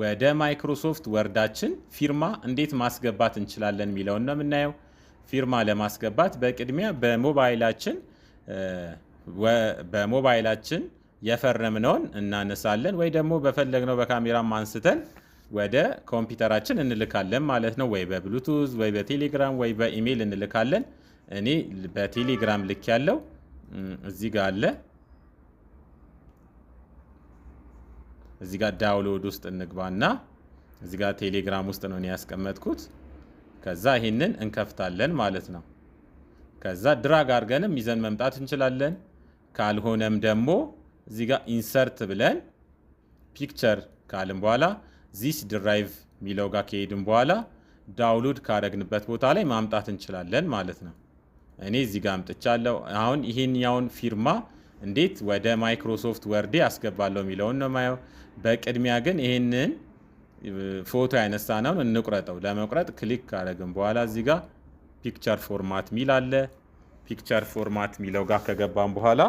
ወደ ማይክሮሶፍት ወርዳችን ፊርማ እንዴት ማስገባት እንችላለን የሚለውን ነው የምናየው። ፊርማ ለማስገባት በቅድሚያ በሞባይላችን በሞባይላችን የፈረምነውን እናነሳለን ወይ ደግሞ በፈለግነው በካሜራም አንስተን ወደ ኮምፒውተራችን እንልካለን ማለት ነው። ወይ በብሉቱዝ ወይ በቴሌግራም ወይ በኢሜይል እንልካለን። እኔ በቴሌግራም ልክ ያለው እዚህ ጋር አለ። እዚህ ጋር ዳውንሎድ ውስጥ እንግባና እዚህ ጋር ቴሌግራም ውስጥ ነው ያስቀመጥኩት። ከዛ ይሄንን እንከፍታለን ማለት ነው። ከዛ ድራግ አድርገንም ይዘን መምጣት እንችላለን። ካልሆነም ደግሞ እዚህ ጋር ኢንሰርት ብለን ፒክቸር ካልን በኋላ ዚስ ድራይቭ ሚለው ጋር ከሄድን በኋላ ዳውንሎድ ካረግንበት ቦታ ላይ ማምጣት እንችላለን ማለት ነው። እኔ እዚህ ጋር አምጥቻለሁ። አሁን ይሄኛውን ፊርማ እንዴት ወደ ማይክሮሶፍት ወርዴ አስገባለሁ የሚለውን ነው ማየው። በቅድሚያ ግን ይህንን ፎቶ ያነሳ ነውን እንቁረጠው። ለመቁረጥ ክሊክ ካደረግን በኋላ እዚህ ጋር ፒክቸር ፎርማት ሚል አለ። ፒክቸር ፎርማት ሚለው ጋር ከገባን በኋላ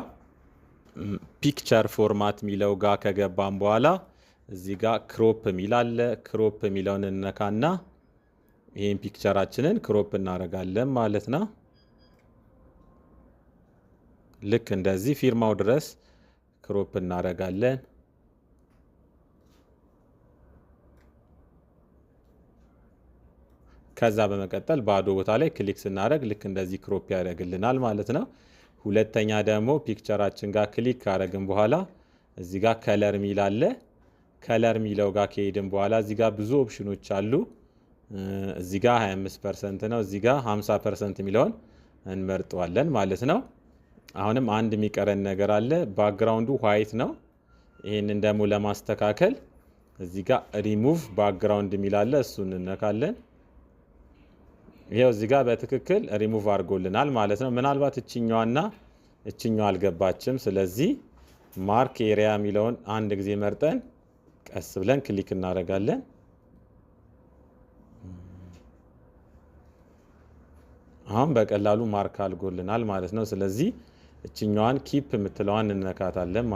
ፒክቸር ፎርማት ሚለው ጋር ከገባን በኋላ እዚ ጋ ክሮፕ ሚል አለ። ክሮፕ ሚለውን እነካና ይህን ፒክቸራችንን ክሮፕ እናደርጋለን ማለት ነው። ልክ እንደዚህ ፊርማው ድረስ ክሮፕ እናደርጋለን። ከዛ በመቀጠል ባዶ ቦታ ላይ ክሊክ ስናደርግ ልክ እንደዚህ ክሮፕ ያደርግልናል ማለት ነው። ሁለተኛ ደግሞ ፒክቸራችን ጋር ክሊክ ካደረግን በኋላ እዚህ ጋር ከለር ሚል አለ። ከለር ሚለው ጋር ከሄድን በኋላ እዚህ ጋር ብዙ ኦፕሽኖች አሉ። እዚህ ጋር 25 ፐርሰንት ነው፣ እዚህ ጋር 50 ፐርሰንት የሚለውን እንመርጠዋለን ማለት ነው። አሁንም አንድ የሚቀረን ነገር አለ። ባክግራውንዱ ዋይት ነው። ይህንን ደግሞ ለማስተካከል እዚህ ጋር ሪሙቭ ባክግራውንድ የሚላለ እሱን እንነካለን። ይኸው እዚህ ጋር በትክክል ሪሙቭ አድርጎልናል ማለት ነው። ምናልባት እችኛዋና እችኛዋ አልገባችም። ስለዚህ ማርክ ኤሪያ የሚለውን አንድ ጊዜ መርጠን ቀስ ብለን ክሊክ እናደርጋለን። አሁን በቀላሉ ማርክ አድርጎልናል ማለት ነው። ስለዚህ እችኛዋን ኪፕ የምትለዋን እንነካታለን